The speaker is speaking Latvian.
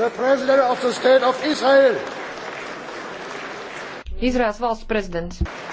the President of the State of Israel. Izraels valsts prezidents.